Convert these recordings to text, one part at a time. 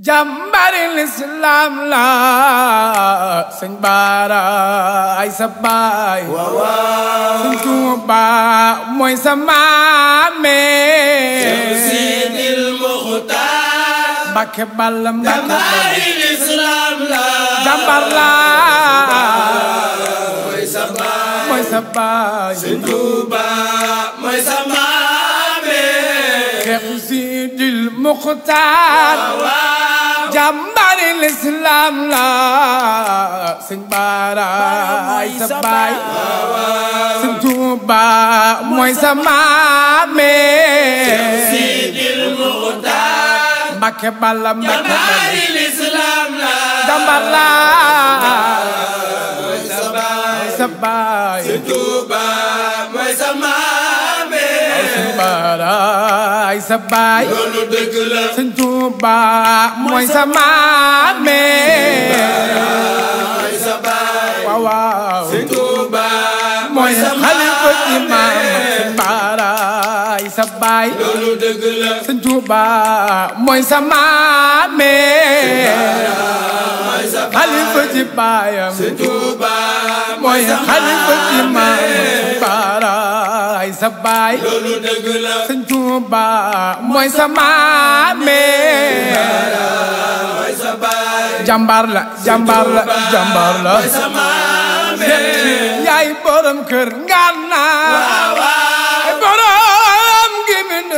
jàmbari lislaam la sëñ baara ay sa baay sëñ Tuuba mooy sa maame Seydil Muxtaar Mbàkke Balla Mbàkke jàmbari lislaam la jàmbar la mooy sa baay mooy sa baay sëñ Tuuba mooy sa maame Seydil Muxtaar jàmbaari lislaam la sëñ Bara mooy mooy sa maame Sidil Muxtaar Mbàkke mooy sa baay sëñ Tuuba sa baay loolu dëgg la sëñ Tuuba mooy sa maame mooy sa baay waaw waaw sëñ Tuuba mooy sa xalifa imaam sëñ baaraay sa baay loolu dëgg la sëñ Tuuba mooy sa maame xalifa ci baayam sëñ Tuuba mooy xalifa imaam sëñ baaraay sa baay loolu dëgg la sëñ Tuuba mooy sa maame mooy sa baay jàmbaar la jàmbaar la jàmbaar la mooy sa maame yaay borom kër ngana yaay borom gimin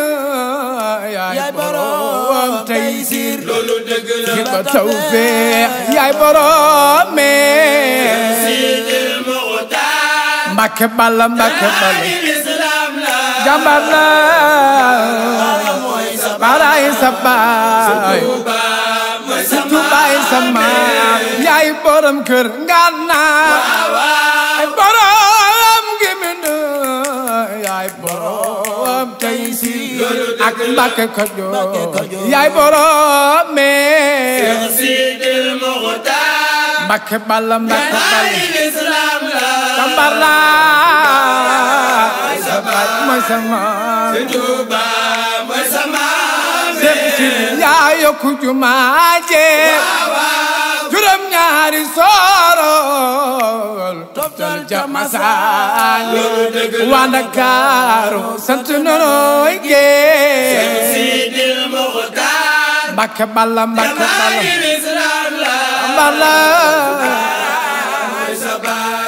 yaay borom taysir loolu dëgg la ba tawfeex yaay borom me Mbàkke bala Mbàkke bala jàmbar baraay sa baay tubaay sa maam borom kër Nganaar ay borom gi mi nu yaay borom tey si ak Mbàkke Kajoor yaay borom mee Sidil Muxtaar Mbàkke Balla Mbàkke Balla jàmbar la mooy sama Sëriñ Tuuba mooy sama Seex Sidi yaa yokku jumaa je juróom ñaari soorool toftal ja masaal waa Ndakaaru sant nooy gee Seex Sidi Muxtaar Mbakke Balla Mbakke Balla Balla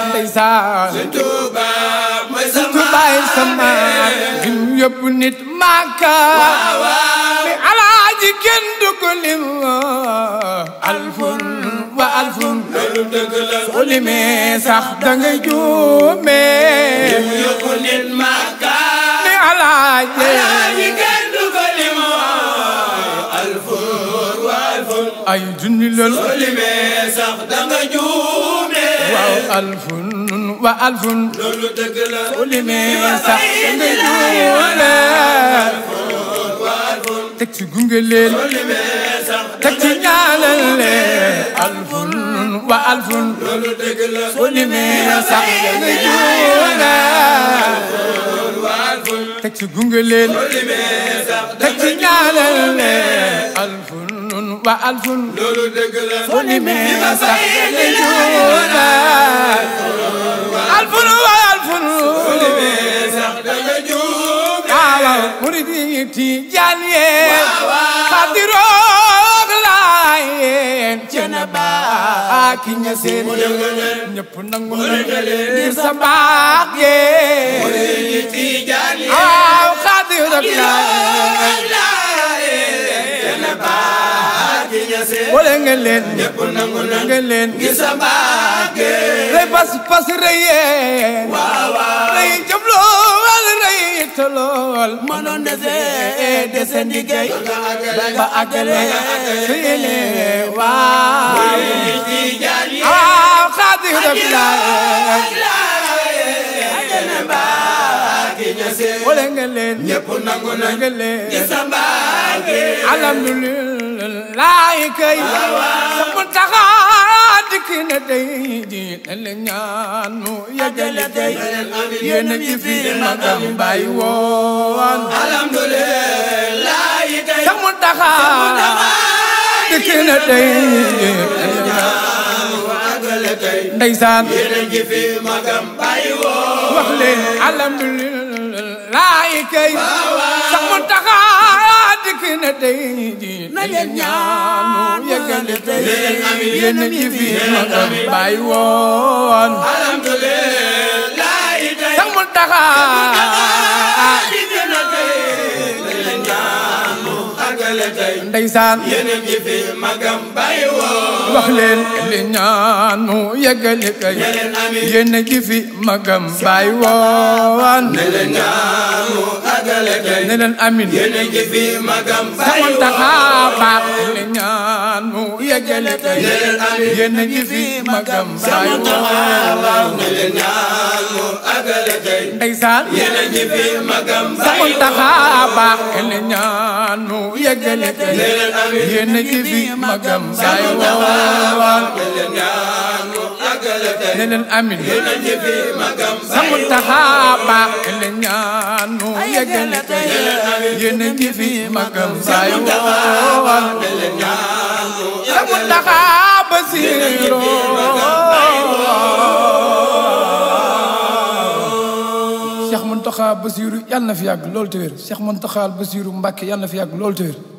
ndeysaan yóbbu nit Màkka li alaaji kenn du ko lim alfun wa alfun loolu dëgg la soo limee sax da nga juume yóbbu nit Màkka li alaaji kenn du ko lim alfun wa alfun ay junni loolu soo limee sax da nga juume waaw alfun wa alfun loolu dëgg la ku limee sax nga juum wala teg ci gunge leen teg ci ñaanal leen alfun wa alfun loolu dëgg la ku limee sax nga juum wala teg ci gunge leen teg ci ñaanal leen alfun wa alfun loolu dëgg la ku limee sax nga juum wala alfun way alfun kulime sax danga juum waaw murid yi ti jaan yeen xadiroog laa yeen cena baa ki ña seen ñëpp nangu na ngir sa baax yeen murid yi ti jaan yeen waaw xadiroog laa yeen boole ngeen leen ñëpp nangu na ngeen leen ngir sa Mbàkke rey pas pas rey yee waaw waaw rey jëm lool rey it lool mënoon dese dese ndigay ba àggale fii waaw waaw xaadir bilaay wala ngeen leen ñëpp nangu na ngeen leen gis sa Mbàkke alhamdulillah malaayika yi sama taxaa dikk na day di dale ñaan mu yegale day yéen a ci fi magam bàyyi woon alhamdulilah sama taxaa dikk na day di dale ñaan mu yegale day ndeysaan yéen a ci fi magam bàyyi woon wax leen alhamdulilah kay sama taxaa dikk na tey jii na leen ñaanu yëgale tey yéen a ngi fi bàyyi woon alhamdulillah tey sax mu taxa dikk na tey na leen ñaanu yëgale tey ndeysaan yéen a ngi fi magam bàyyi woon wax leen li ñaanu yeggali kay yéen a ji fi magam baay woowaan ne leen ñaanu agale kay ne leen amin yéen a ji fi magam baay woowaan taxaa baax li ñaanu yeggali kay ne leen amin yéen a ji fi magam baay woowaan ne leen ñaanu agale kay ndeysaan yéen a ji fi magam baay woowaan taxaa baax li ñaan nu yeggale ka yéen gi fi magam say woowal ne leen amin samu taxaaba leen ñaanu yeggale ka yéen gi fi magam say woowal samu taxaaba siiroo Muntaxa Basiru yàlla na fi yàgg loolu te wér Cheikh Muntaxa Basiru Mbàkke yàlla na fi yàgg loolu te wér